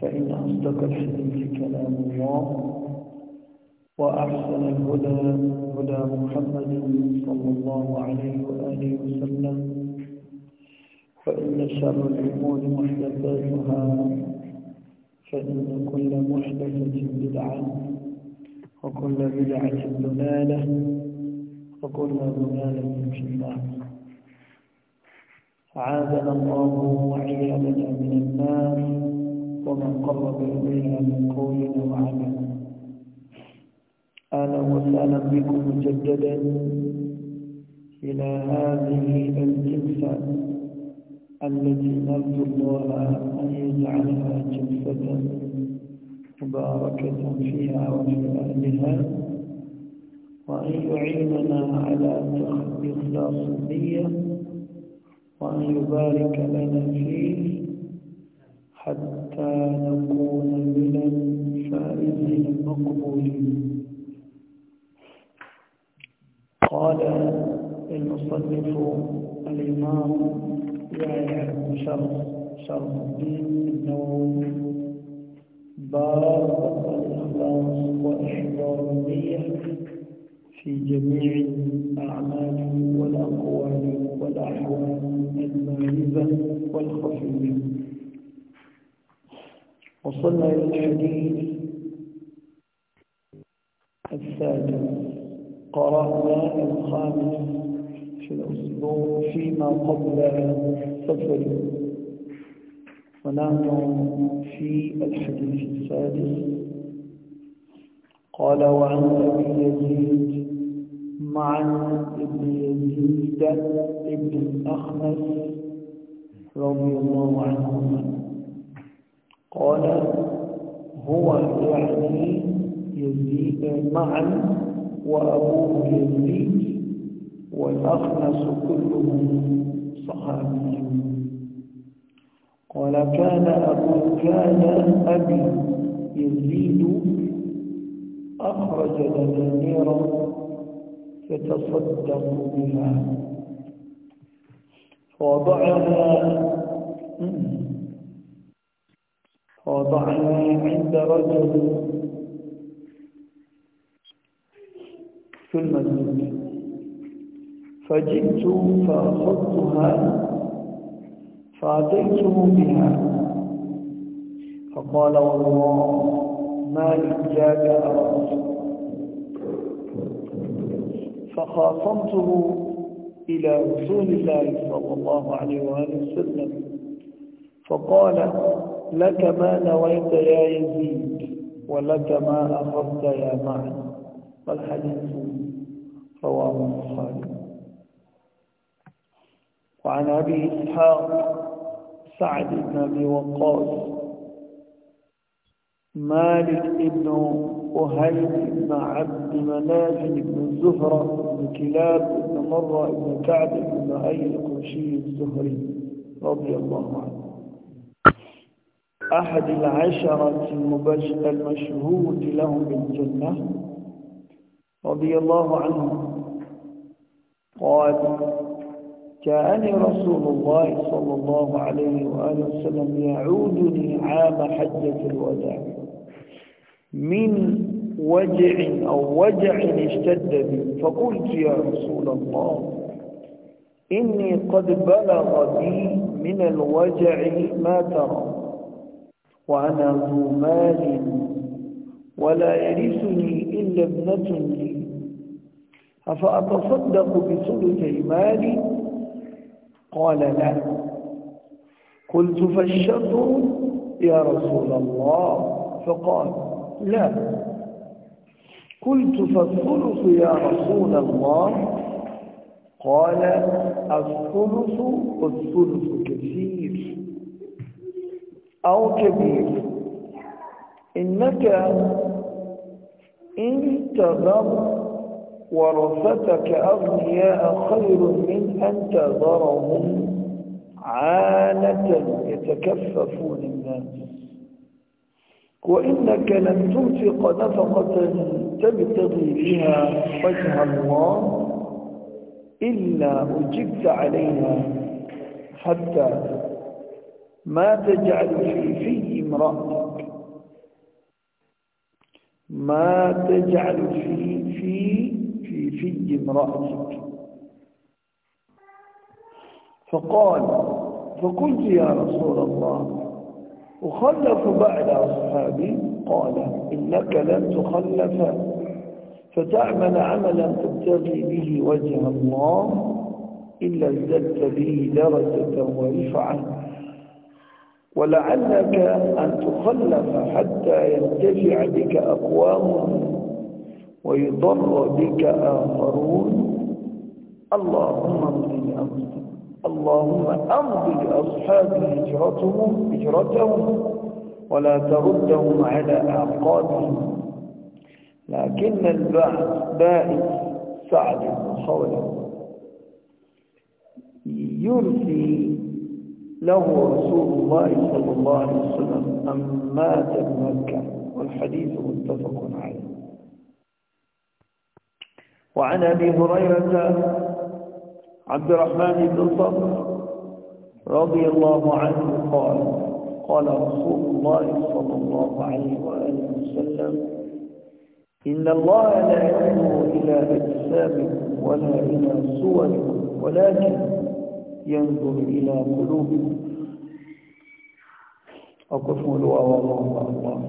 فإن أصدق الحديث كلام الله وأحسن الهدى هدى محمد صلى الله عليه وآله وسلم فإن شر الأمور محدثاتها فإن كل محدثة بدعة وكل بدعة ضلالة وكل ضلالة في النار أعاذنا الله وعيالنا من النار ومن قرب إليها من قول وعمل أهلا وسهلا بكم مجددا إلى هذه الجلسة التي نرجو الله أن يجعلها جلسة مباركة فيها وفي أهلها وأن يعيننا على إخلاص النية وأن يبارك لنا فيه حتى نكون من الفائزين المقبولين قال المصنف الإمام يحيى شرط شرط الدين النووي باب الإخلاص وإحضار النية في جميع الأعمال والأقوال والأحوال المالبة والخفية وصلنا إلى الحديث الثالث قرأنا الخامس في الأسبوع فيما قبل السفر ونحن في الحديث السادس قال وعن أبي يزيد مع ابن يزيد ابن الأخنس رضي الله عنهما قال هو يعني يزيد معا وأبوه يزيد والأخنس كلهم صحابي قال كان أبو كان أبي يزيد أخرج دنانير فتصدق بها فوضعها وضعني عند رجل في المسجد فجئت فأخذتها فأتيته بها فقال والله ما إجاك أرأت فخاصمته إلى رسول الله صلى الله عليه وآله وسلم فقال لك ما نويت يا يزيد ولك ما أخذت يا معن والحديث رواه البخاري وعن أبي إسحاق سعد بن أبي وقاص مالك بن أهيب بن عبد مناف بن زهرة بن كلاب بن مرة بن كعب بن أي القرشي الزهري رضي الله عنه أحد العشرة المشهود لهم بالجنة رضي الله عنه قال جاءني رسول الله صلى الله عليه وآله وسلم يعودني عام حجة الوداع من وجع أو وجع اشتد بي فقلت يا رسول الله إني قد بلغ بي من الوجع ما ترى وأنا ذو مال ولا يرثني إلا ابنة لي أفأتصدق بثلثي مالي قال لا قلت فالشر يا رسول الله فقال لا قلت فالثلث يا رسول الله قال الثلث والثلث كثير أو كبير إنك إن تذر ورثتك أغنياء خير من أن تذرهم عالة يتكففون الناس وإنك لن تنفق نفقة تبتغي بها وجه الله إلا أجبت عليها حتى ما تجعل في في امرأتك ما تجعل في في في في امرأتك فقال فقلت يا رسول الله أخلف بعد أصحابي قال إنك لن تخلف فتعمل عملا تبتغي به وجه الله إلا ازددت به درجة ورفعة ولعلك أن تخلف حتى ينتفع بك أقوام ويضر بك آخرون اللهم امضي أمضي اللهم أمضي لأصحاب هجرتهم هجرتهم ولا تردهم على أعقابهم لكن البعث بائس سعد بن خولة يرثي له رسول الله صلى الله عليه وسلم أم مات بمكة والحديث متفق عليه وعن أبي هريرة عبد الرحمن بن صبر رضي الله عنه قال قال رسول الله صلى الله عليه وآله وسلم إن الله لا ينظر إلى أجسامكم ولا إلى صوركم ولكن ينظر إلى قلوبكم أقفوا له الله الله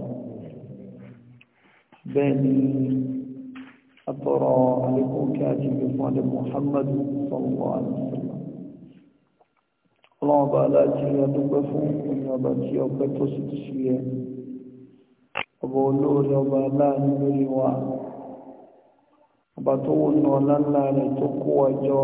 بني أترى عليكم كاتب محمد صلى الله عليه وسلم الله بألا جي أدوبفوا من أباتي أبتو ستسوية أبو لوري أبألا نوري وعلا أبتو نولا لا لتقوى جو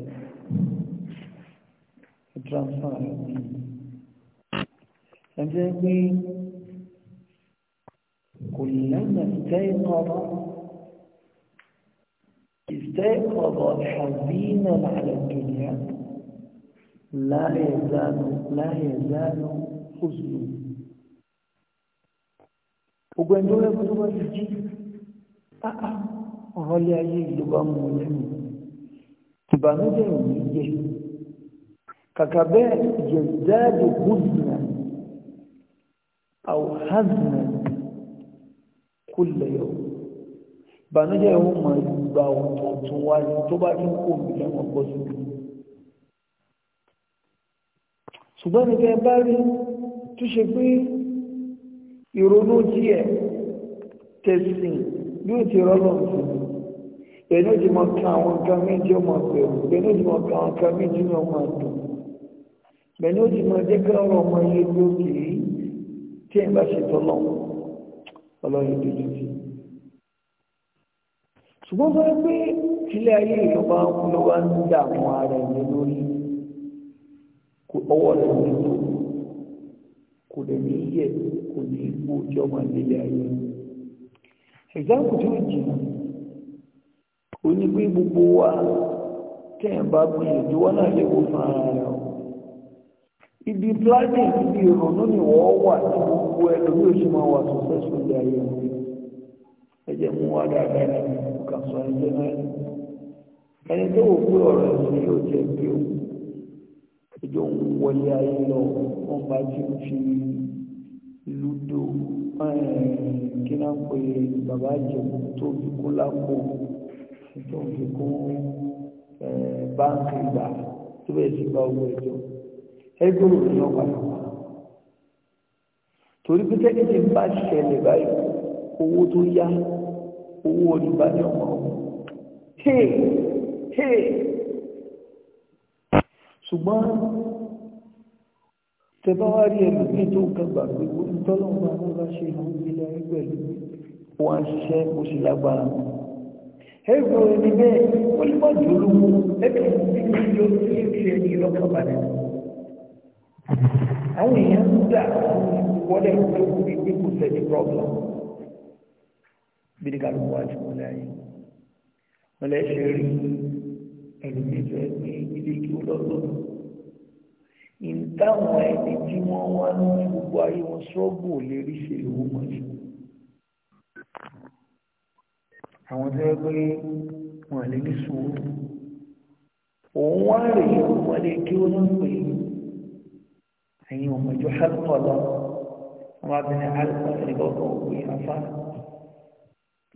transfer ẹjẹ́ pé kò lẹ́nà jẹ́ ìkọ́rọ̀ استيقظ حزينا على الدنيا لا يزال لا يزال حزنه gbogbo ẹni tó lẹ́kọ̀ọ́ tó bá ti jí áá ọ̀rọ̀ ayé ìlú bá mú lẹ́nu ìbànújẹ́ ìwé jẹ́ kàkà bẹ́ẹ̀ yẹ̀dáàdì húzùnà àwọn hàzùnà kúlẹ̀ yọ bànújẹ́ ìhun mọ̀ ìgbà ọ̀tọ̀ọ̀tún wá ní tó bá ní kò ní lẹ́wọ̀n pọ̀ sí i ṣùgbọ́n ní bẹ́ẹ̀ bá rí tó ṣe ti rọ́lọ́ sí ẹ̀nú ti mọ̀ kan àwọn kan méjì ọmọ bẹ̀rù ẹ̀nú ti mọ̀ kan àwọn kan méjì ọmọ àdùn bẹ̀ni ó ti mọ̀ jẹ́ kí ọ̀rọ̀ ọmọ yẹn lókè tí ẹ̀ bá ṣètò ọlọ́run ọlọ́run dúdú ti ṣùgbọ́n sọ pé tílé ayé ìjọba ló wá ń dààmú ara ẹ̀yẹ lórí ọwọ́ rẹ̀ ní tó kò lè ní yẹ kò ní ipò tí ọmọ ayé ẹ̀gbáǹkù tí ó ó ní pé gbogbo wa tẹ́yìn bá gbìyànjú wọn náà léwu fún ara rẹ̀ o ibi planning ibi ìrònú ni wọ́n wà tí gbogbo ẹlòmí ò ṣe máa wà successful ní ayé wọn ẹjẹ mú wá dáadáa ní ọkà sọ ẹjẹ náà ẹni tó wò pé ọ̀rọ̀ ẹ̀sìn yóò jẹ́ pé ó ẹjọ́ ń wọlé ayé lọ wọ́n bá ti ń fi lúdò kí náà pé bàbá ìjẹ̀bù tó fi kó lápò tó fi kó báńkì gbà tó bẹ̀ sí bá owó ẹjọ́ ẹgbẹ́rún ní ọgbà náà torí pé tẹ́kìtì bá ṣẹlẹ̀ báyìí owó tó yá owó ọdúnbá ní ọmọ ọmọ hey hey ṣùgbọ́n tẹbá wá rí ẹ̀lú pé tó ń kẹgbà pé ó ń tọ́lọ́mọ alága ṣe àwọn ilẹ̀ ẹgbẹ̀ lórí wọn ṣiṣẹ́ ó sì lágbára ẹgbẹ̀ ẹni bẹ́ẹ̀ ó lè má jòlówó ẹgbẹ̀ ìjọ sí ẹni lọ́kànbalẹ̀ àwọn èèyàn ń gbà wọlé tó kú bí pé kò sẹ́ni problem bí ní kálukú wájú wọn láàyè wọn lè ṣe rí ẹlòmíín tó ẹ pé ilé kí ó lọ́lọ́run ìtàwọn ẹni tí wọ́n wá ní gbogbo ayé wọn ṣọ́gbò lè rí ṣe lówó mọ́ sí àwọn tó yẹ pé wọn lè ní sùúrù òun wá rèé wọn lè kí ó lọ́pọ̀ ìlú ẹ̀yin ọmọjọ hálùkọ lọ wọn abẹnẹ hálùkọ ẹnìkan kan òkú yẹn afá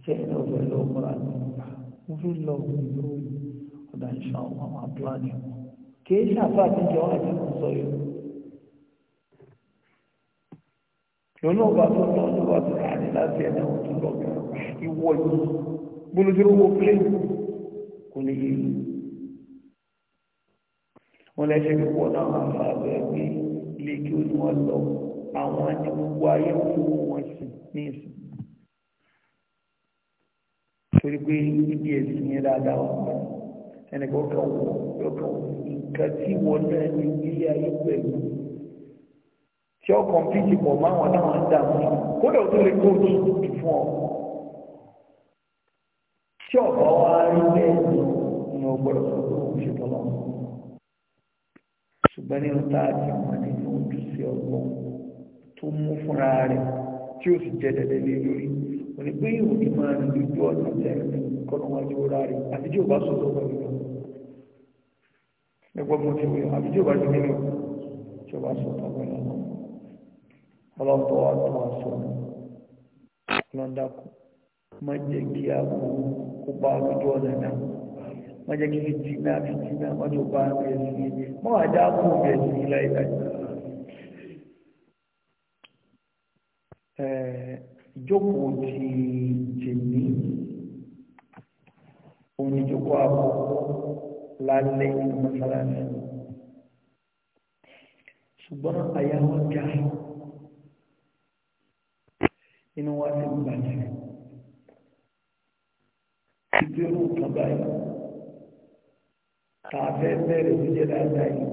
ṣé ẹni ọgbẹ lọ múra ní ọgbà wọn fi lọ òun ìlú ọdà ìṣàn ọmọ àwọn abúlání wọn kì í ṣàfà àtijọ́ àti ìsọ yìí. lọ́nà ọba tó lọ ní ọba tó rà ní láti ẹ̀dá wọn tó lọ bí ìwọ yìí gbólódúró wo pléèkù kò ní yé wọn lẹ́sẹ̀ gbogbo náà máa fà bẹ́ẹ̀ gbé. ilé kí ó ní wọ́n lọ àwọn ni gbogbo ayé ń wọn sùn ní ìsìn torí pé ibi ẹ̀sìn yẹn dáadáa wà pẹ́ ẹnì kan kàn wọ́n yóò kàn wọ́n nǹkan tí wọ́n náà ní ilé ayé pẹ̀lú tí ó kọ̀m̀pìtì pọ̀ mọ́ àwọn táwọn ń dà wọ́n kódà ó tó lè kóòtù fún ọ tí wa rí bẹ́ẹ̀ ni ọgbọ́dọ̀ tó kó o ṣe ìfẹ́ ọgbọ́n tó mú fúnra rẹ̀ tí ó sì jẹ́ dẹ́dẹ́ lé lórí òní pé yóò ní máa ń lójú ọ̀nà tẹ̀lé kọ́nà wọn ju ra rẹ̀ àti tí ò bá sọ̀tọ̀ pẹ̀lú lọ. ẹgbọ́n mo ti wúyọ àti tí ò bá ti nílò tí ò bá sọ̀tọ̀ pẹ̀lú lọ. ọlọ́tọ̀ wa tó wà sọ lọ́ńdàkù má jẹ́ kí a kó kó bá lójú ọ̀nà náà má jẹ́ kí fìtínà fìtínà má jọ bá ẹ̀sìn má wàá dá kó ẹ̀sìn láìláì. ìjókòó ti tèmi oníjókòó àbọ̀ lálẹ́ mọ́sálásí ṣùgbọ́n àyà wọn já inú wa ti ń bàjẹ́ ìgbéró kan báyìí tá a fẹ́ bẹ̀rẹ̀ ìjẹ́ dáadáa yìí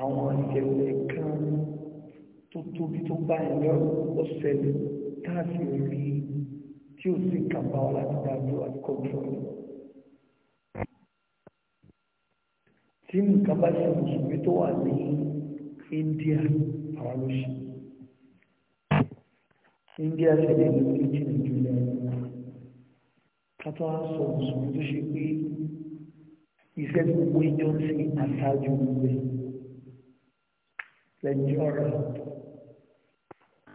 àwọn ìṣẹ̀lẹ̀ kan ní tó tóbi tó bá ẹ̀yọ́ ọ̀sẹ̀lẹ̀ táàsì rí tí ó sì kàmbá wa láti dájú àti kọ́ńtrọ́ọ̀lù. tí nǹkan bá ṣe mùsùlùmí tó wà ní India àwọn ló ṣe India ṣe lè ní oríṣi Nàìjíríà kátó á sọ mùsùlùmí tó ṣe pé iṣẹ́ gbogbo ìjọ ń ṣe àṣáájú gbogbo ẹ̀ lẹ́jọ́ rẹ̀.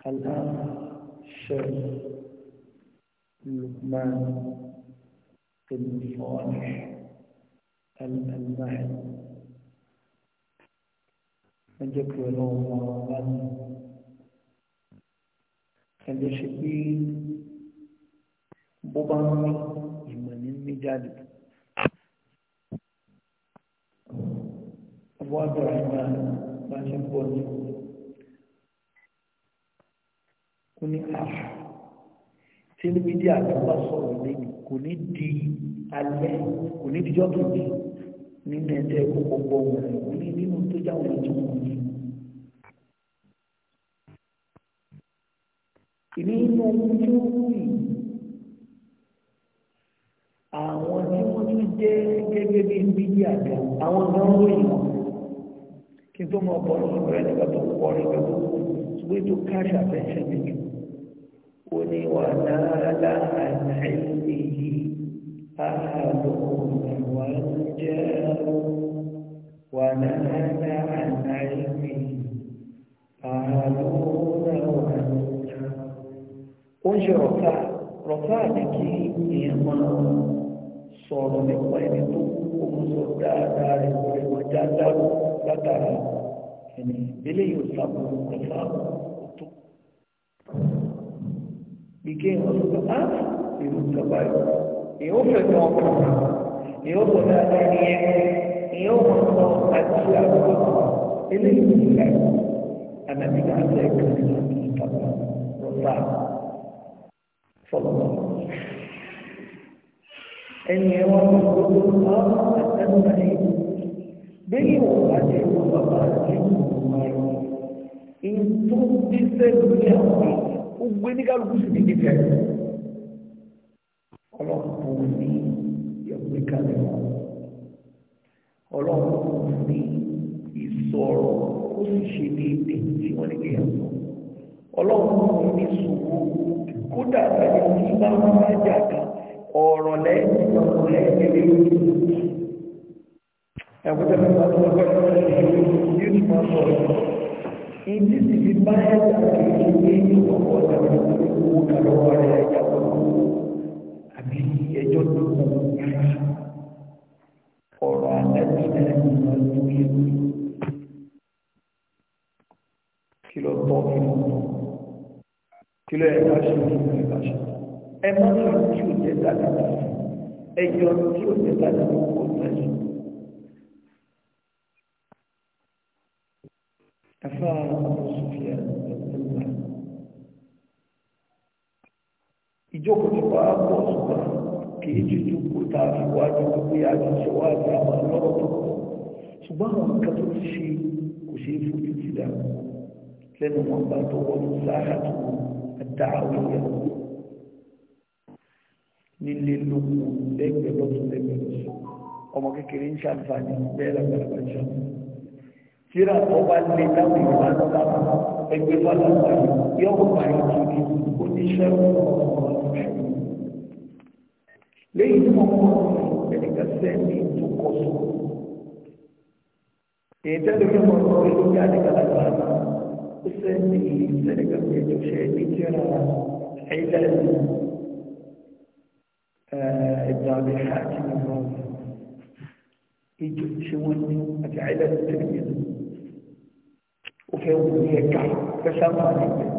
الآن الشيخ لقمان بن صالح المعد نجك ولو مرضا المشركين بوبامي يمن المجالب أبو عبد الرحمن ما شكوني ó ní àṣà ah, tí ní mídíà tó bá sọ̀rọ̀ lẹ́nu kò ní di alẹ́ kò ní dijọ́ kejì nínú ẹ̀jẹ̀ kókó gbọ́ wọn kò ní nínú tó jáwé lójú wọn ni. nínú ojú yìí àwọn tí wọ́n tún jẹ́ gẹ́gẹ́ bí mídíà gan àwọn gan lóyìn kí n tó mọ ọ̀pọ̀ ọ̀rọ̀ rẹ̀ nígbà tó ń kọrin pẹ̀lú ìwé tó kárí àfẹ́sẹ̀ nìyí oni wàhálà àìní àádọ́rùn àwọn jẹ́ wàhálà àìní àádọ́rùn àwọn jẹ́ ó ń ṣe rọ̀ká rọ̀ká ní kí èèyàn máa sọ̀rọ̀ nípa ẹni tó kókó sọ dáadáa rẹ̀ wọ́n jáde látara ẹni eléyìí ò sábà rọ̀ká bí kéèyàn sọ pé á èrò ìjọba yìí èyí ó fẹ́ mọ ọkàn èyí ó sọ dáadáa ní ẹ èyí ó mọ sọ àti ṣe àkókò eléyìí ti rẹ ànàbí náà ṣe é ní ìtàkùn rọ̀bà fọlọ́mọ. ẹni ẹ wọn kò gbogbo ọ àtẹnudà yìí bẹ́ẹ̀ wọ́n wá jẹ́ ìwọ̀n bàbá àti ìwọ̀n ọmọ rẹ̀ ìtúndíṣẹ́ àwọn èèyàn gbogbo oníkálukú sì ti dìtẹ̀ ọlọ́run ní ìyọ̀gbé kalẹ̀ ọlọ́run ní ìsọ̀rọ̀ ó sì ṣe déédé tí wọ́n ní kí ẹ̀ sọ ọlọ́run ní sòwò kódà tàbí tí bá ń bá jà kan ọ̀rọ̀ lẹ́yìn ọ̀rọ̀ lẹ́yìn lẹ́yìn ẹ̀kú tẹ́lẹ̀ bá tó lọ́gbọ́n ní ìlú yóò tún máa sọ̀rọ̀ ìdí sì fi bá ẹ̀dà kìí ní ìwọ̀pọ̀ ọ̀dàbí owó kàlọ́wọ́ rẹ̀ ẹ̀dà àbí ẹjọ́ tó kù rárá ọ̀rọ̀ àdájú náà ní wọn tó yẹ kí lọ tọ́ kí lọ tọ́ kí lọ ẹ̀ka ṣe kí lọ ẹ̀ka ṣe ẹ má sọ tí ò jẹ́ dáadáa ẹjọ́ tí ò jẹ́ dáadáa ó tẹ̀sán. àfáà ọ̀sùnfìyà ọ̀pọ̀lọpọ̀ ìjókòó ti wá pọ̀ ṣùgbọ́n kì í ju jókòó tá a fi wájú tó pé a ti ṣe wájú àwọn ọlọ́rọ̀ tó pọ̀ ṣùgbọ́n àwọn nǹkan tó ti ṣe kò ṣe é fojú ti dà lẹ́nu wọn bá tó wọ́n sáà tó dá àwọn ìyàwó nílé lóko lẹ́gbẹ̀ẹ́ lọ́tún lẹ́gbẹ̀ẹ́ lọ́sùn ọmọ kékeré ń ṣàǹfààní bẹ́ẹ̀ lágbàlagbà ń ṣàǹfààní. tíra tó bá lé táwọn ìwà ń ta ẹgbẹ́ fọlọ́pàá yìí yóò pa ìtìrí oníṣẹ́ lẹ́yìn tó mọ̀ ẹ̀ka sẹ́ni tó kọ̀ sọ. èyí tẹ́lẹ̀ fi mọ̀ ọ́ ló ń jáde kàlàkà ó sẹ́ni sẹ́ni kàkà ètò ṣe ní tíra ẹ̀dá ẹ̀dá ọ̀dẹ̀ ṣáàkì nìkan ìjọ ṣe wọ́n ní àti àìlẹ́ tẹ̀lé ó fẹ́ wù ní ẹ̀ka fẹ́ sáfàní rẹ̀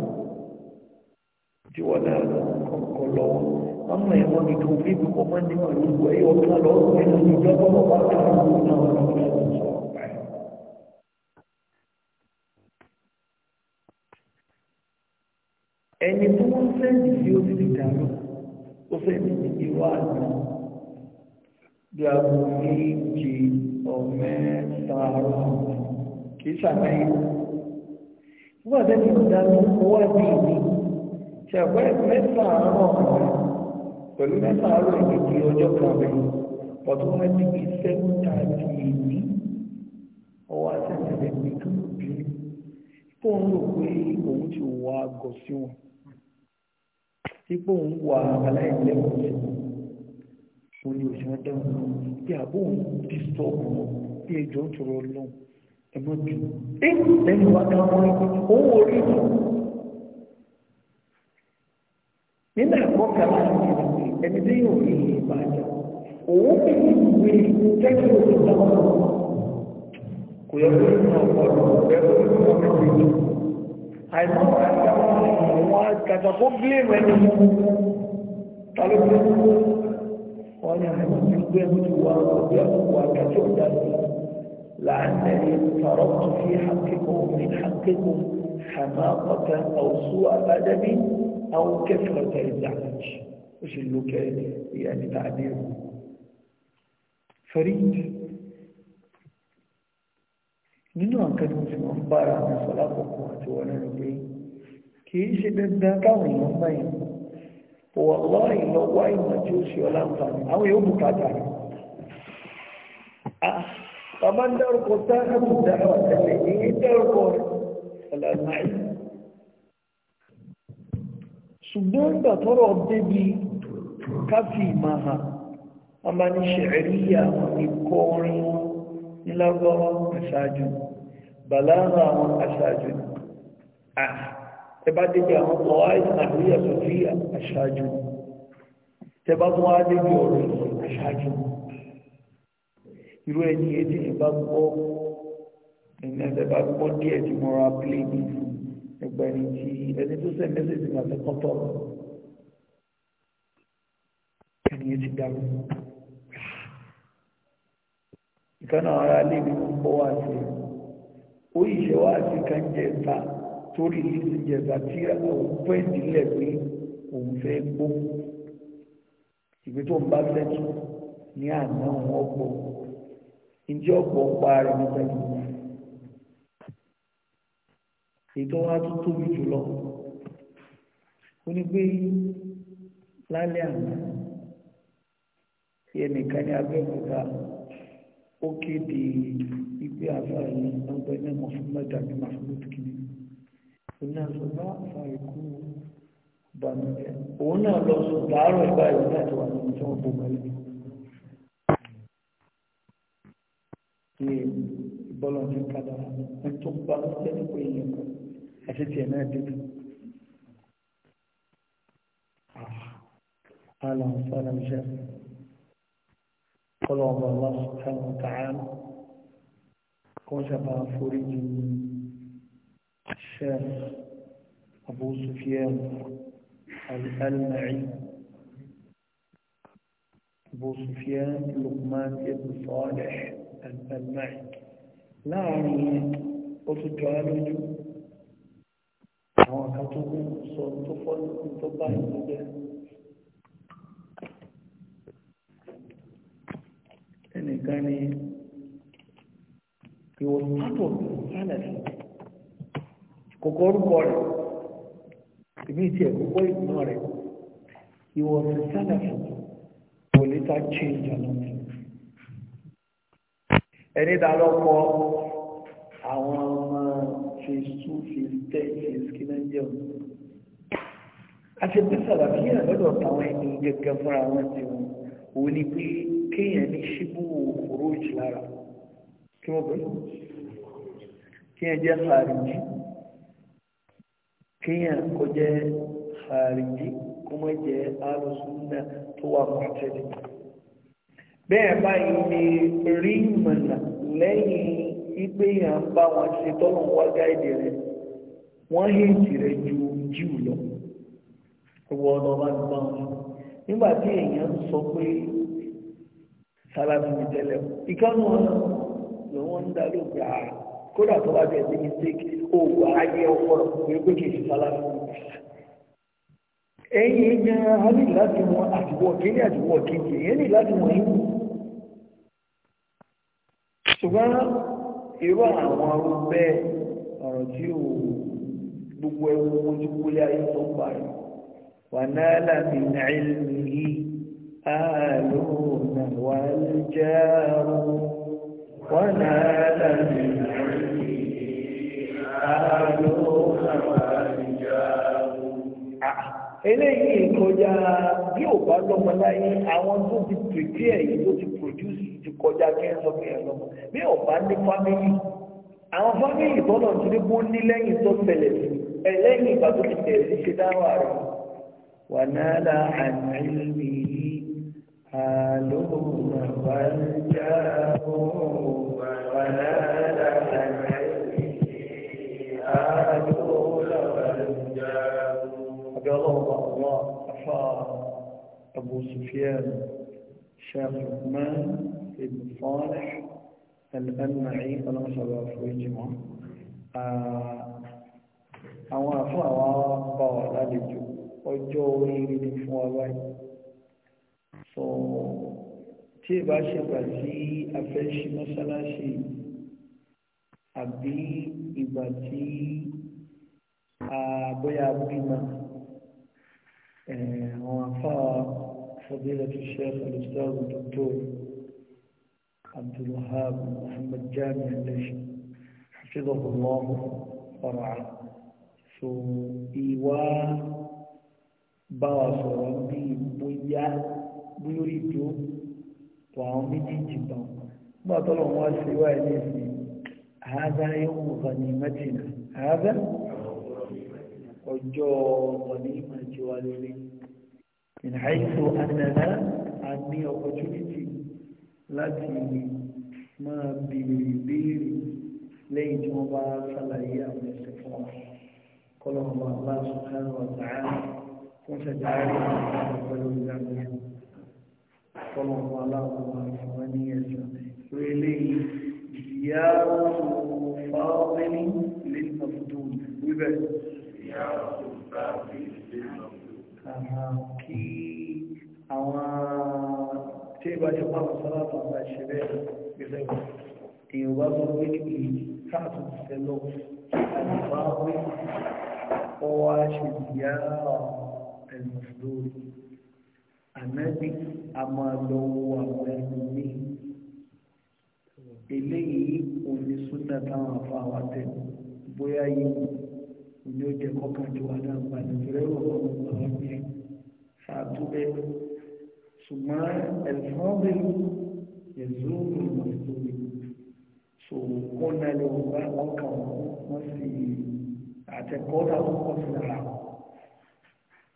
tí wọ́n náà kọ̀ọ̀kan lọ́wọ́ wọ́n mọ̀ ẹ̀wọ́n ní tó fi kọ́ máa ní wọn lóko ẹ̀yọ ọ̀tún lọ nínú ìjọba wọn wà láwọn ọmọ náà wọn lọ sọ̀rọ̀ báyìí. ẹni tó wọ́n fẹ́ nìyí ó ti dàrú ó fẹ́ nìyí wá àná bí aago méje ọ̀mẹ́ta rọ̀ kì í wọ́n àti ẹni ìdáná owó ẹbí mi ṣàgbọ́ mẹ́fà àárọ̀ pẹ̀lú mẹ́fà àárọ̀ ìdíje ọjọ́ kan rẹ̀ pọ̀tún wọn ti fi sẹ́kù tààtì èmi ọwọ́ àti ẹni ẹgbẹ́ tó bí ipò ń rò pé òun ti wọ àgọ́ sí wọn ipò ń wọ aláìlẹ́kùn sí wọn ni òṣìṣẹ́ dáhùn bí àbóhùn dìstọ́ọ̀bù wọn bí ẹjọ́ ń tọrọ lọ́hùn ẹgbẹ́ jù ẹ́ lẹ́yìn wá dáwọn ọmọ ẹgbẹ́ owó orí ìlú nínú ẹ̀kọ́ kan ẹni tí yóò rí ìgbà jọ òun fi ìwé jẹ́kí òun dáwọn ọmọ kò yẹ kó nínú ọ̀pọ̀ ọ̀pọ̀ ẹ̀kọ́ tó wọ́n fi ṣe jù àìmọ́ àgbàwọ̀ àwọn àgbàgbà kó bílẹ̀mù ẹni mú ta ló gbé wọ́n ní àìmọ́ ti gbé ẹni tó wà ọ̀gbẹ́ ọ̀pọ̀ àgbà tó dá sí لعلني فرضت في حقكم من حقكم حماقة أو سوء أدب أو كثرة الزعج وش النكات يعني تعبير فريد من أن كانوا في أخبار عن صلاة وقوة وأنا نبي كيش ذاك من والله لو وين ما تجوش ولا أنفع أو يومك كذا طبعاً دار القرطان هو الدعوة اللي دار القرطان فالآن معي سبون بطر عبدالي كافي ماها أما نشعرية ونبكوري نلغوا أساجون بلاغا أساجون أه تبعد دي عن طوائد نحوية صفية أساجون تبعد دي عن طوائد نحوية صفية أساجون irú ẹni etí ìbá gbọ́ ẹni ẹsẹ̀ bá gbọ́ díẹ̀ tí mo ra play ní ẹgbẹ́ ẹni tí ẹni tó send message ní àti kọ́tọ̀ ẹni etí dàrú. ìkànnà ara lè ní gbọ́ wá sí i ó ìṣẹ́ wá sí kan jẹta torí ìlú jẹta tí àwọn pẹ́ẹ́ntì lẹ̀ pé òun fẹ́ gbó ìgbé tó ń bá fẹ́ tù ní àná òun ìjẹ́ ọ̀pọ̀ pa rẹ̀ níta gbogbo ètò wa tó tóbi jùlọ ó ní pé lálẹ́ àná tí ẹnìkan ní abẹ́òkúta ó kéde ìgbé àfáà yìí lọ́gbẹ́ náà mọ̀fúnmọ́dà ní mọ̀fúnmọ́dà kìíní òun náà sọ bá àfáà ikú bàmíjẹ òun náà lọ sùn láàárọ̀ ìbáyọ̀ láti wà nínú tí wọ́n bò tí bọ́lọ̀ ní kádàrá ẹni tó bá ló jẹ́ nípa èèyàn kan àti tiẹ̀ náà dídú. أهلا وسهلا بشيخ قل الله سبحانه وتعالى كون شبه فريد الشيخ أبو سفيان الألمعي أبو سفيان لقمان بن صالح àgbàmáì láàrin ó tún jọ ara lójú àwọn kan tó kún sọ tó fọ́ lókun tó bá ìlú jẹ́ ẹnìkan ni ìwòsàtò sálẹ̀sì kòkó orúkọ rẹ̀ ìbí tí ẹ̀kókó ìgbọ́n rẹ̀ ìwòsàtò sálẹ̀sì will later change or not ẹni dá lọ́pọ̀ àwọn ọmọ phase two phase ten phase kí náà jẹ́ òun àṣepẹ́ sàlàfíà lọ́dọ̀ táwọn ẹni gẹ́gẹ́ fúnra wọn ti wọn òun ni pé kéèyàn ní ṣíbù òróòjì lára kí wọ́n bẹ̀rẹ̀ kéèyàn jẹ́ fàáríjì kéèyàn kó jẹ́ fàáríjì kó má jẹ́ alùsùn náà tó wà mọ́tẹ́lẹ̀ bẹ́ẹ̀ báyìí ni rí ìmọ̀nà lẹ́yìn ìgbé yàn bá wọn ṣe tọ́lọ̀ wá gáìdì rẹ̀ wọ́n hìntì rẹ̀ ju jíù lọ ẹ̀wọ̀ ọ̀nà ọba ti bá wọn nígbà tí èèyàn sọ pé sára ti mi tẹ́lẹ̀ ìkànnì wọn lọ wọn ń dá lóògbé ààrẹ ah, kódà tó bá bẹ̀rẹ̀ sí mistake òwò ayé ọpọlọ pé pé kì í ṣe sára mi tẹ́lẹ̀ ẹ̀yìn èèyàn ní láti wọn àtiwọ̀ kí ní àtiwọ̀ kejì èèyàn ní láti wọn ìwù ṣùgbọ́n irú àwọn ọ̀rọ̀ bẹ́ẹ̀ ọ̀rọ̀ tí ò gbogbo ẹ̀wù ojú kúlẹ̀ ayé tó ń parí wà náà láti nàìjíríà yìí àlùmọ̀ wà ní jẹ́rù wà náà láti nàìjíríà àlùmọ̀. eléyìí kọjá bí ò bá lọ́mọ láyé àwọn tó ti pèpè ẹ̀yìn tó ti pòdúsì ti kọjá kí ẹ sọ pé ẹ lọ́mọ bí ò bá ní fámìlì àwọn fámìlì tọ́nà ti ní kó ní lẹ́yìn tó tẹ̀lẹ̀ sí ẹlẹ́yìn ìgbà tó ti tẹ̀lẹ̀ sí ṣe dáwà rẹ̀ wà náà àná ìlú yìí àlóhùn àbájá. الحفاظ أبو سفيان شيخ عثمان بن صالح الألمعي فنصب في الجمعة àwọn àfún àwọn bá wà lálejò ọjọ́ orí ni fún wa báyìí so tí ìbá ṣègbà tí a fẹ́ mọ́ṣáláṣí àbí ìgbà tí uh, a bímọ آه، وفاء فضيلة الشيخ الأستاذ الدكتور عبد الوهاب محمد جامع النجم حفظه الله فرع في إيواء باص ربي بويا بيريد قومي تجيبا ما طلعوا سوى نفسي هذا يوم غنيمتنا هذا أجو غنيمة wa lélẹ̀ ìhàìsọ ànàdá a ní opportunity láti máa bèèrè ìbéèrè lẹ́yìn tí wọ́n bá ṣàlàyé àwọn ẹ̀sẹ̀ fún wa kọlọ́mọ bá sọ̀rọ̀ ọ̀tàá fún ṣẹ̀dáàrí pẹ̀lú ìgbàgbé kọlọ́mọ aláwọ̀ bá fún wa ní ẹ̀sẹ̀ rẹ̀ lẹ́yìn ìyá fáwọn ẹni lẹ́yìn ọ̀fọ̀dún wíbẹ̀. ìyá ọ̀fọ̀dún kí àwọn tí ìbájọ́ pàmò sọ́lá tó àwọn ìṣẹ̀lẹ̀ ìgbésẹ̀ èèyàn bá sọ pé kí káàtó ti fẹ́ lọ àgbà pé ó wá ṣe ìyá ẹ̀mọ̀sílórí ànábì a máa lọ wo àwọn ẹnu ní eléyìí òní súnà táwọn afọ àwọn bóyá yìí ní ó jẹ kọkàn tí wà lágbà nítorí ọ̀rọ̀ ọ̀rọ̀ yẹ ṣáàtú bẹ́ẹ̀ ṣùgbọ́n ẹ̀fọn bẹ́ẹ̀ yẹ̀zú ìmọ̀ ìtòlè so wọ́n náà lè wọ́n bá wọn kà wọ́n sì àtẹ̀kọ́dà wọn kọ́ sí ara wọn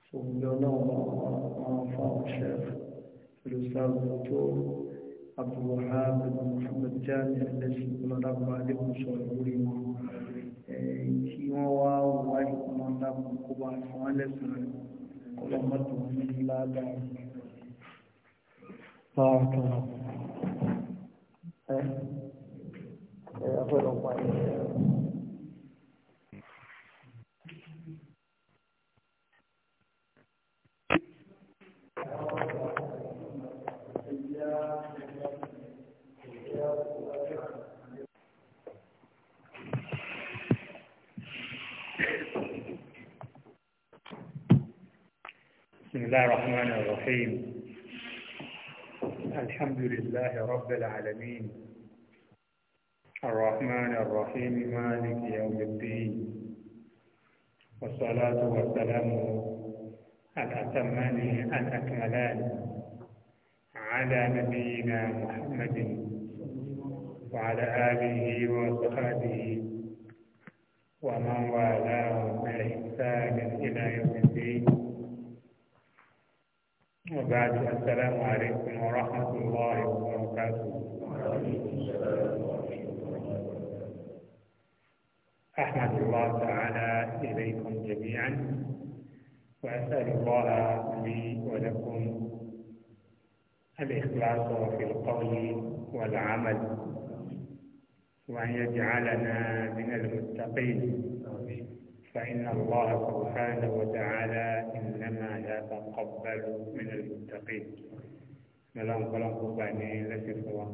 so ìjọ náà wọ́n wọ́n fa ọ̀ṣẹ́ olùsàlù tó Abdulwahab Muhammad Jami ẹ̀lẹ́sìn ọlọ́dàgbà adébùsọ̀ ìwúrí wọn. lẹ́sìn ọlọ́mọdún ní ládàá. Báwo kan. الله الرحمن الرحيم الحمد لله رب العالمين الرحمن الرحيم مالك يوم الدين والصلاة والسلام الأتمان الأكملان على نبينا محمد وعلى آله وصحبه ومن والاه بإحسان إلى يوم وبعد السلام عليكم ورحمة الله وبركاته أحمد الله تعالى إليكم جميعا وأسأل الله لي ولكم الإخلاص في القول والعمل وأن يجعلنا من المتقين فإن الله سبحانه وتعالى إنما يتقبل من المتقين ملان قلن قباني لسفوا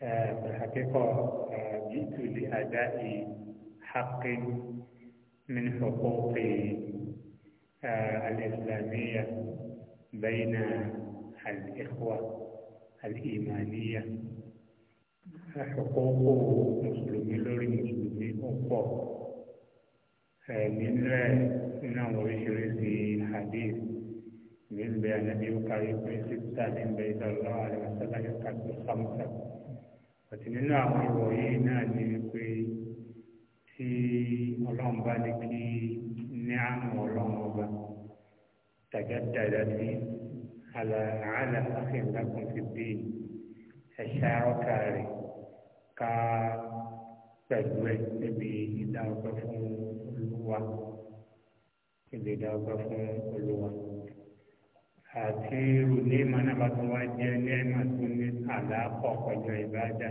في الحقيقة جئت لأداء حق من حقوق الإسلامية بين الإخوة الإيمانية حقوق مسلمي لوري مسلمي أخوة nínú ẹ̀ nínú àwọn oríṣiríṣi hadith ní ń bẹ ànábi ó kárí pé sísá ní ń bẹ ìdọ̀lọ́ àlẹ́wọ̀sálá yóò ká tó sámúsá àti nínú àwọn ìwọ̀ yìí náà ní pé tí ọlọ́run bá ní kí ní àrùn ọlọ́run ọba tàjà dàda sí àlàáhàlà àfihàn fi bí ẹ̀ṣá ọ̀kà rẹ̀ ká pẹ̀lú ẹ̀ níbi ìdá ọpẹ́ fún un wa kí lè dá ọgbà fún olúwa àti irú ní mọ̀nàbàtà wa jẹ́ ní ẹ̀mà tó ní àlàáfọ̀ pẹ̀lú ìbáàdà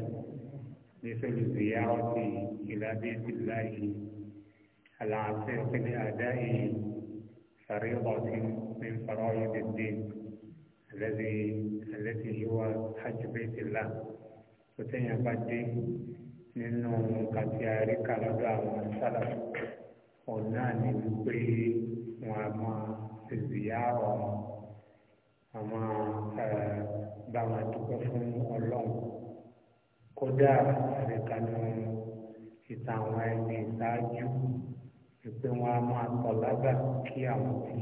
ní sọ́lùsì yá ọtí ìlàbí ìláyé àlàáfẹ́ òkèlè àdá èyí sàrí ọtí ní fọ́rọ́ ìdèdè الذي التي هو حج بيت الله tó tẹ̀yìn abájé nínú nǹkan tí a rí kà lọ́dọ̀ àwọn sálàfù ọ̀nà ni wípé wọn a máa ṣèṣìyàrọ̀ a máa bá wọn dúpẹ́ fún ọlọ́run kódà àríkànnú ìta àwọn ẹni ìṣáájú wípé wọn a máa tọ̀ lábà kí àwọn tí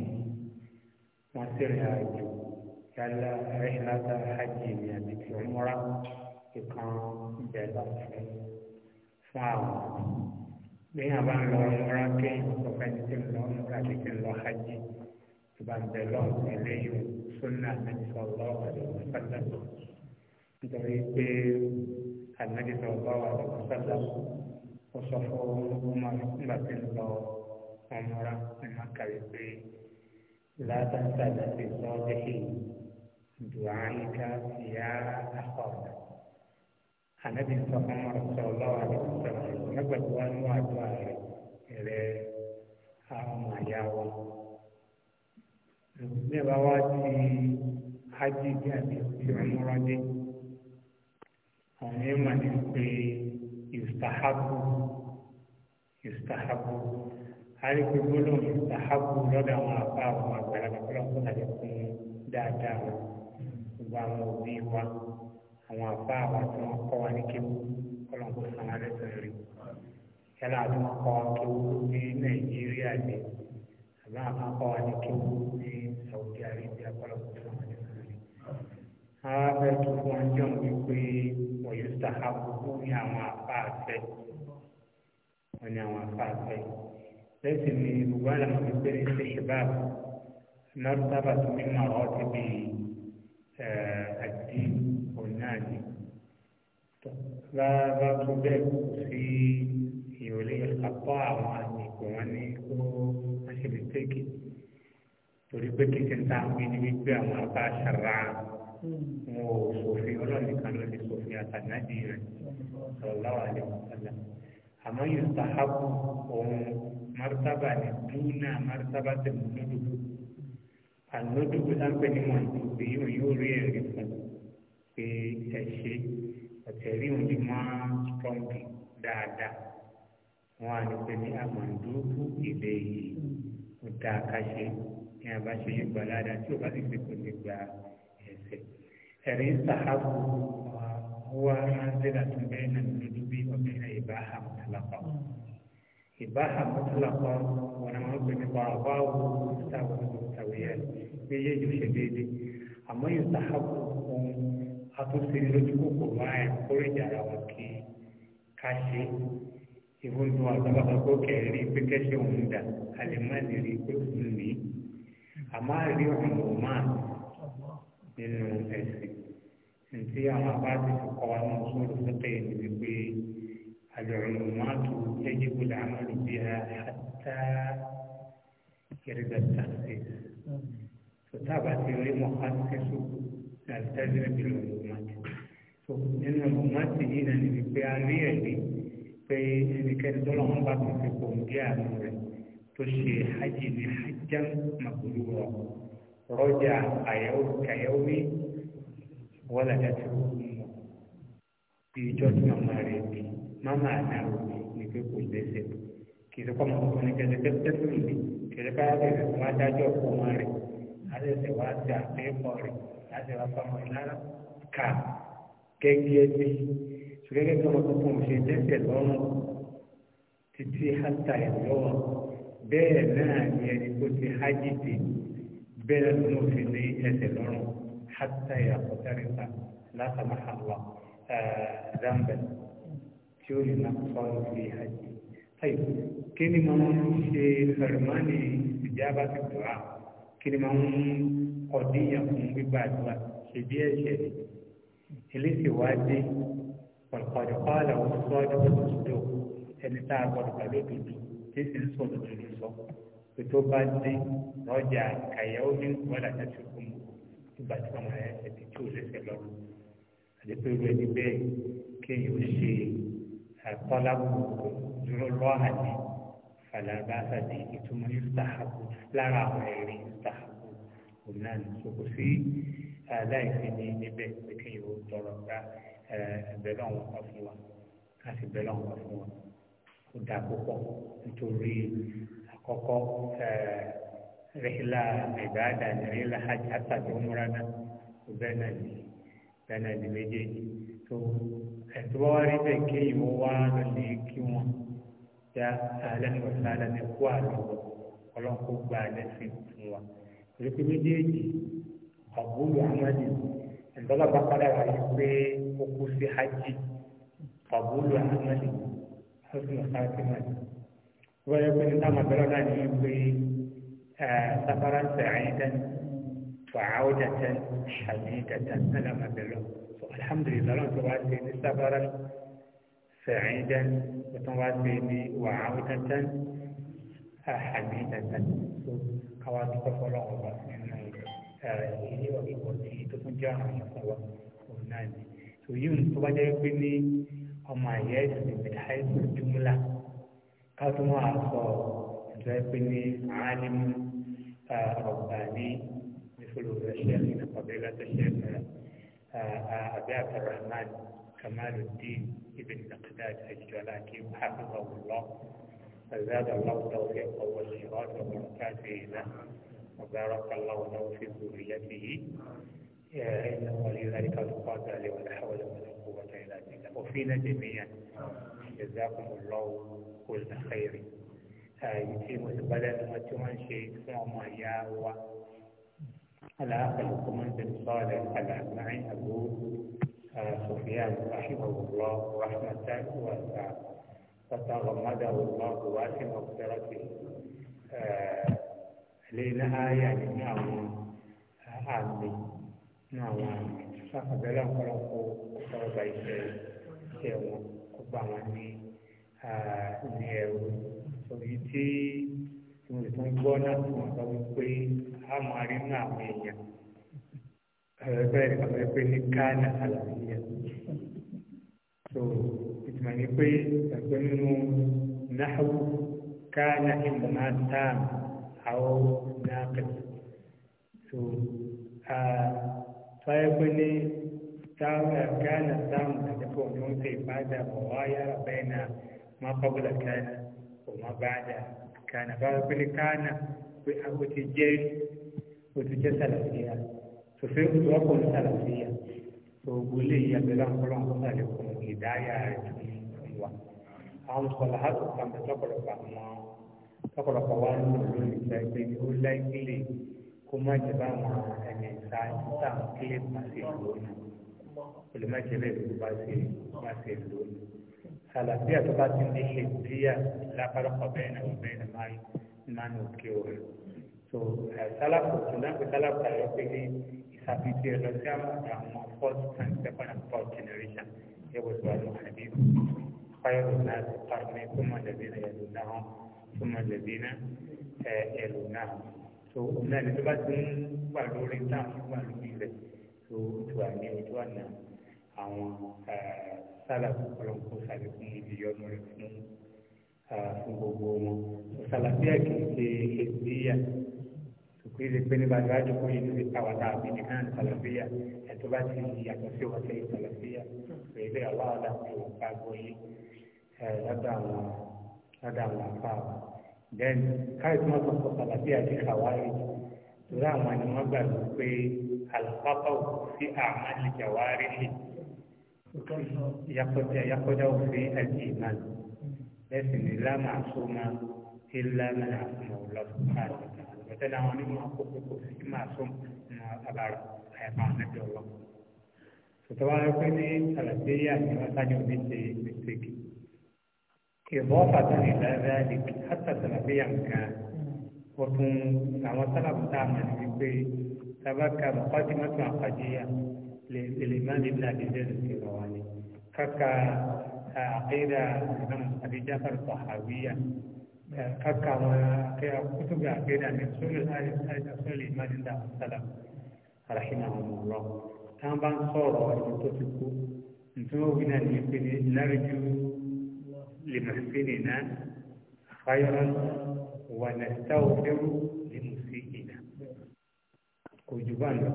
wọ́n sì rìn àjò yálà rẹ́ṣinláta hajj ní àbí tí ó múra ìkan bẹ̀rẹ̀ fún àwọn lẹ́yìn àbá ń lọ ọmọra kéyìn ọ̀fẹ́ ní ti ń lọ ọmọra ti ti ń lọ hajj tó bá ń bẹ lọ́wọ́ eléyìí sunna anabi sallallahu alaihi wasallam nítorí pé anabi sallallahu alaihi wasallam ó sọ fún ọmọ nígbà tí ń lọ ọmọra ní akàwé pé látàntà láti sọ ọ́ déhìn dùn àyíká ìyá àkọ́ọ̀dà ànábì sọ fún ọmọ sọ lọ́wọ́ àti sọ̀rọ̀ nígbà tí wọ́n mú àdúrà rẹ̀ rẹ̀ àwọn àyà wa. Ní ìbá wa ti hajj bí àti ti ọmọrọ́dé, àwọn mímọ̀ ní pé ìsàhábù ìsàhábù àrí pé gbólóhùn ìsàhábù lọ́dọ̀ àwọn àbá àwọn àgbàlagbà fọlọ́fọlọ́ àti fún dáadáa gbogbo àwọn òbí wa àwọn àbá àbá tí wọ́n kọ́ wa ní kéwú kọ́lọ́ǹkó sanwó alẹ́sẹ̀ rí yálà àti wọ́n kọ́ wa kéwú ní nàìjíríà ni àbá àbá kọ́ wa ní kéwú ní Saudi Arabia kọ́lọ́ǹkó sanwó alẹ́sẹ̀ rí. àwọn abẹ́ tó fún wọn jọ̀ wípé wọ́n yóò sàkábù ní àwọn àbá àfẹ́ wọ́n ní àwọn àbá àfẹ́ lẹ́sìn ní gbogbo àlàmọ́ wípé ní sèṣe báàbù náà sábà tó mímọ̀ ọ́ ti bí ẹ̀ẹ́d náà ni rárá tó bẹ́ẹ̀ kò sí ìrọ̀lẹ́ apá àwọn àmì kò wọ́n ní ó má ṣe lè tẹ́kì torí pé kí n ṣe ń ta àwọn ẹni wípé àwọn apá ṣàrà hmm. wọn ò sòfin ọlọ́ọ̀ni kan ló lè sòfin àtànádì rẹ̀ sallallahu alaihi wasallam àmọ́ yóò ta hábù ohun martaba ni dúnà martaba tẹ̀ mọ́nódùbù ànódùbù sáńpẹ́ ni wọ́n ti gbé yóò rí ẹ̀rí fún un pé ẹ ṣe ọ̀tẹ̀ rí òun ti máa tọ́ǹkì dáadáa wọn á ní pé ní àmọ̀ǹdókù ìdè yìí ó dá a ká ṣe ní àbáṣe yìí gbà ládàá tí ò bá sì fi kò ní gba ẹsẹ̀. ẹ̀rí sàhábù wà ánzẹ́là tó bẹ́ẹ̀ nà lójú bí ọ̀bẹ náà ìbá àmọ̀tàlápá. ìbá àmọ̀tàlápá wọn ni wọn pè ní bàbá wo táwọn ọmọ tàwé yẹn méjèèjì ò ṣe déédéé àmọ́ ìsàhábù ohun àtúnṣe lójú kòkò máa ń kórìjà ara wọn kí ká ṣe ìbùdó àgbàlagbà kó kẹrin pé kẹsẹ òun dà a lè má lè rí pé òun ní àmọ́ àrí ọ̀nà máa nínú ẹ̀sìn ntí àwọn abáàdì tó kọ́ wa nínú sóòlù pẹ́pẹ́ yẹn níbi pé àlùrù máa tó yẹjú wọlé àmàlù bí i àtà kẹrìndà tàṣẹ tó tábà ti rí mọ́ àti sẹ́sọ̀kù nàìjíríà bí lọ lòmọ́tì so nínú lòmọ́tì yìí náà níbi pé a rí ẹ̀rí pé ẹnikẹ́ni tó lọ́wọ́ bá tó fi pò ń gé àánú rẹ̀ tó ṣe hajj ní hajjá màkúlù rọ rọjà àyẹ̀wò wọ́n làdájú bí ìjọ tí màmá rẹ̀ bí màmá àdáwò ní pé kò lẹ́sẹ̀ kì í sọ pàmò ọkọ ní kẹsẹkẹ tẹsán ìlú kẹsẹkẹ àgbẹ̀rẹ̀ wọn adájọ́ ọkọ wọn rẹ̀ àdẹsẹ̀ wọn àti àpẹ́kọ rẹ̀ láti ra fáwọn ìlara kà gẹ́gẹ́ bí gẹ́gẹ́ bí ọmọ tuntun ṣe dẹ́sẹ̀ lọ́rùn títí hátà ìlọ́wọ́ bẹ́ẹ̀ náà ni ẹni tó ti hájìdì bẹ́ẹ̀ ló fi ní ẹsẹ̀ lọ́rùn hátà ìyàpọ̀tẹ́rẹ́ta látàmà àlọ́ ẹ̀ẹ́dàmbẹ̀ tí ó lè nà sọ́ọ́ fi hájì. طيب كلمة من شيء فرماني استجابة الدعاء kí ni máa ń ọdíyàn fún gbígbà àdúrà ṣe bí ẹ̀ṣẹ̀ ni eléṣẹ̀ wá dé pọ̀lọpọ̀lọ pààlà wọn sọ́ọ́dọ̀ òdodo ẹni tá a gbọdọ̀ pẹ̀lú òdodo tí sì ń sọ òdodo ló sọ pé tó bá dé rọ́jà kàyáwó ní ìwádà tẹ̀sí fún mi ìgbà tí wọn máa ẹsẹ̀ tí tí ò lẹ́sẹ̀ lọ́rùn àti ẹni bẹ́ẹ̀ kéèyàn ó ṣe àtọ́lágbò dúró lọ́ àdé fàlàbàtà di ìtumọ̀ ìsàhàbù lára àwọn ẹ̀rí ìsàhàbù òun náà ní sọ kò sí aláìsí ní níbẹ̀ pé kí yóò tọrọ gba ẹ̀bẹ̀rẹ̀ ọ̀hún wá fún wa ká sì bẹ̀rẹ̀ ọ̀hún wá fún wa ó dáa púpọ̀ nítorí àkọ́kọ́ rẹ́hìlá ìbáàdà ní hajj àtàdé ọmọra náà bẹ́ẹ̀ náà ní bẹ́ẹ̀ náà ní méjèèjì tó ẹ̀tọ́ wá rí bẹ́ẹ̀ kéèyàn wá lọ lè kí wọn ya alẹ́ni ọ̀sán alẹ́ni kú àlọ́ ọlọ́run kó gba ẹlẹ́sìn fún wa torí pé méjèèjì ọ̀gbọ́n amadi ìdọ́gba bá padà wà yìí pé ó kú sí hajj ọ̀gbọ́n amadi ọ̀sùn ọ̀sán ti mà ní. wọ́n yẹ pé ní táwọn abẹ́rẹ́ náà ní pé safara sa'aidan wa 'awdatan hamidatan alhamdulillah alhamdulillah lọ́nà tó wá sí ní safara sẹ̀ẹ́dẹ́ ó tún wá sí ní wàhálà tẹ́tẹ́ àhàmì tẹ́tẹ́ tó káwá tó kọ́ fọ́lọ́ ọba nínú ilé ọ̀gbọ̀n ní tó tún jẹ́ àwọn ìfún wa òun náà ni tòyí tó bá jẹ́ pé ní ọmọ àyẹ́ ìsìn mẹ́tàláìsì jùmùlà ká tó máa sọ ìjọ pé ní àálímù ọ̀gbà ní ìfọlọ́wọ́ ṣẹ́ẹ̀kì nàpàbẹ́lá tó ṣẹ́ẹ̀kì àtàrà náà كمال الدين ابن مقداد الجلاكي حفظه الله فزاد الله توفيقه والخيرات وبركاته له وبارك الله له في ذريته آه، إنه ولي ذلك القادر ولا حول ولا قوة إلا بالله وفينا جميعا جزاكم الله كل خير في آه، مستقبل وتمن شيخ عمر يا هو على أقل بن صالح على معي أبوه سفيان رحمه الله رحمة واسعة فتغمده الله واسع مغفرته لأنها يعني نعم عامي نعم فقبل خلقه قرب إليه سيوم قبعني ní ẹ̀rọ òbí tí mo lè tún gbọ́ àgbẹ̀gbẹ̀ àgbẹ̀gbẹ̀ ní kánà àlàyé so ìtumọ̀ ní pé ẹgbẹ́ nínú náhù kánà ìmọ̀má tán àwọn náàkàtì so fáyẹ́gbẹ́ ní kánà tán àjẹpọ̀ ní wọ́n ti ìbáda ọ̀wáyà bẹ́ẹ̀ náà má kọ́bùlà kánà ọ̀mọ́ báda kánà fáyẹ́gbẹ́ ní kánà pé àwọn ti jẹ́ òtújẹ́ sàlàyé sòfin tó ọkọ ní sàlàfíà gbogbo eléyìí abẹ́lẹ́ àkọlọ́ àkọsà lè kún ìdáyà ètò ìwà àwọn sọlá hàtò kàmbẹ tọkọlọpọ àwọn tọkọlọpọ wa ń lò lórí ìfẹ́ pé ó láìpẹlẹ kó má jẹ bá àwọn ẹni ìta ìta kílè pàṣẹ lónìí olùmọ̀jẹ bẹ́ẹ̀ ló bá ṣe bá ṣe lónìí sàlàfíà tó bá ti ní ṣe bíyà lápá lọ́kọ̀ bẹ́ẹ̀ náà bẹ́ẹ̀ náà máa ń òkè òun. so sálàpù tó náà pé sálàpù tàbí pé ní ìsàbíjì ẹ lọ sí àwọn first and second and third generation yẹ wọ́n sọ àwọn àbíkú fáyọ̀rù náà ti pàrọ̀mẹ́ fún mọ̀lẹ́bínà ẹ̀lú náà fún mọ̀lẹ́bínà ẹ̀lú náà so òun náà ní tó bá ti ń wà lórí táwọn wà lórí rẹ̀ tó tó wà ní ojú àná àwọn sálàpù ọlọ́nkó sàbí fún ìyọnu rẹ̀ fún fún gbogbo wọn sàlàbíà kì í ṣe èsì yà kò yẹ pé nígbà tó a jọ kó yẹ lórí àwàdà àbí nìkan sàlàfíà ẹ̀tọ́ bá ti yàtọ̀ sí wọn sẹ́yìn sàlàfíà kò yẹ pé àwa ọ̀dà kò yẹ ká gbọ́ yé lọ́dọ̀ àwọn lọ́dọ̀ àwọn afá wa. then káyọ̀ tí wọ́n sọ fún sàlàfíà ti kàwárí torí àwọn ni wọ́n gbàgbọ́ pé àlùfáà sí àmàlì jàwárí lè yakọjá òfin àti ìmáàlì lẹ́sìn ní lámà àsomá ilá mẹ́ta ọ̀lọ́sùn káàdì tẹ̀lé àwọn onímọ̀ àkókò sí máa sún mọ́ alára àyàfà ànábì ọlọ́ tòtòwá pé ní àlàbíyà ni wọ́n sáájú òbí ṣe mistake ìbọ́fà tó ní ìdáradára lè kí hátà sàlàbíyà nǹkan ó tún àwọn sálàbù tá a mọ̀ ní wípé tabaka mọ̀kọ́tì mọ́tò àkàdéyà lè má níbi àdéjọ́ ìṣèlú wa ni kàkà àkéèdà ìmọ̀ àdéjọ́ àkàdéjọ́ àkàdéjọ́ kakawa kaya kutuba akida ni sulu aida sulu imani da salam rahimahumullah tan ban sọ̀rọ̀ ni to ti ku ntumo bina ni pe ni narju li muhsinina khayran wa nastawfiru li musiina ko juban lo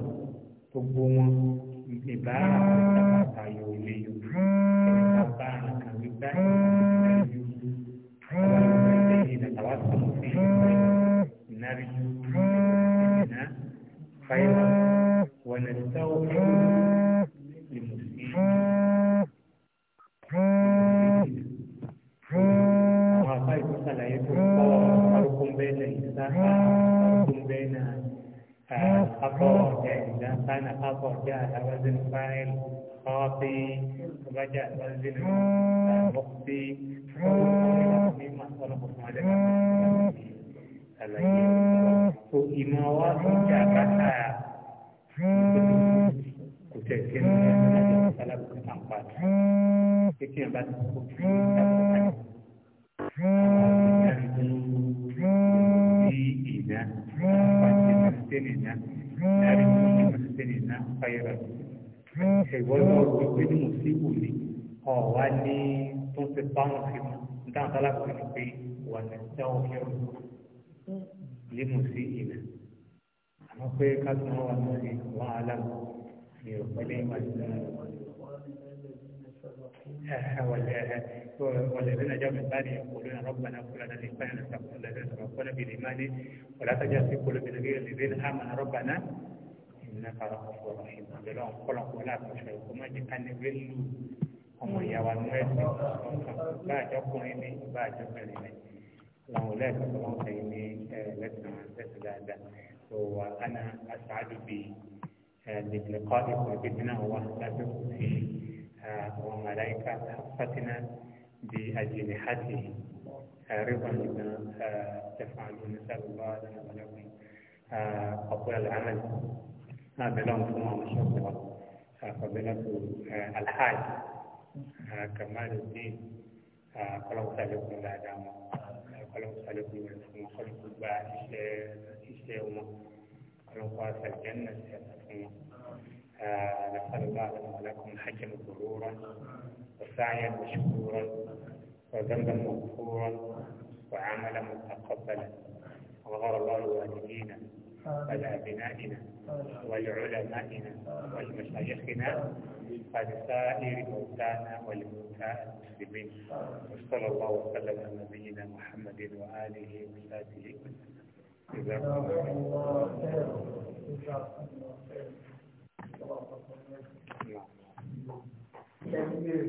gbogbo wọn ìbára pàtàkì ayò ilé yòó ẹ̀ka bá àkàwé báyìí ẹ̀yọ́ توسل نرجو منها خيرا ونستغفر للمسلمين أقوى إذا كان أقوى جاء وزن فاعل خاطي وجاء وزن مخطي وقوم بما صلبه عليه àlàyé tó ìmọ̀ wa tó jà kátà kò tẹ̀ sí ẹnu láti sálà kò tà ń padà kékeré bá ti kó fi ìdájọ́ náà. Ìwọ́n lọ́wọ́ tó gbé ní mùsíkù ni ọ̀wá ní tó ń fi báwọn fi mú. Nígbà tó lápò ní pé wà ní ìdáwọ́ fẹ́ràn lé mu sí ìnà àmọ́ pé kásán wà lórí wọn aláwọ̀ ní ọ̀pẹ́lẹ́ ìwádìí والذين جاءوا من بعد يقولون ربنا كلنا لإخواننا الذين سبقونا بالإيمان ولا تجعل في قلوبنا غير الذين آمنوا ربنا إنك رؤوف رحيم بلون قلنا ولا تشركوا ما كان يبلوا ọmọ ìyàwó àwọn ẹ̀sìn ọ̀sán bá àjọkùnrin ní bá àjọkùnrin ní. لو لا لسنا وأنا أسعد بلقائكم بنا وأهلكم في وملائكة حفتنا بأجنحته رضا لما تفعلون نسأل الله لنا ولكم قبول العمل هذا لهم ثم مشروع فضيلة الحاج كمال الدين فلو لكم لا دعوة ọlọ́run sálẹ̀kùn rẹ̀ fún wọn kọ́lọ́kù gba iṣẹ́ iṣẹ́ wọn kọ́lọ́kù àṣàjẹ́ نسأل الله لنا ولكم حجا غرورا وسعيا مشكورا وذنبا مغفورا وعملا متقبلا وغفر الله والدينا على أبنائنا ولعلمائنا ولمشايخنا ولسائر موتانا ولموتى المسلمين وصلى الله وسلم على نبينا محمد وآله وصحبه وسلم جزاكم الله خير جزاكم الله خير نعم.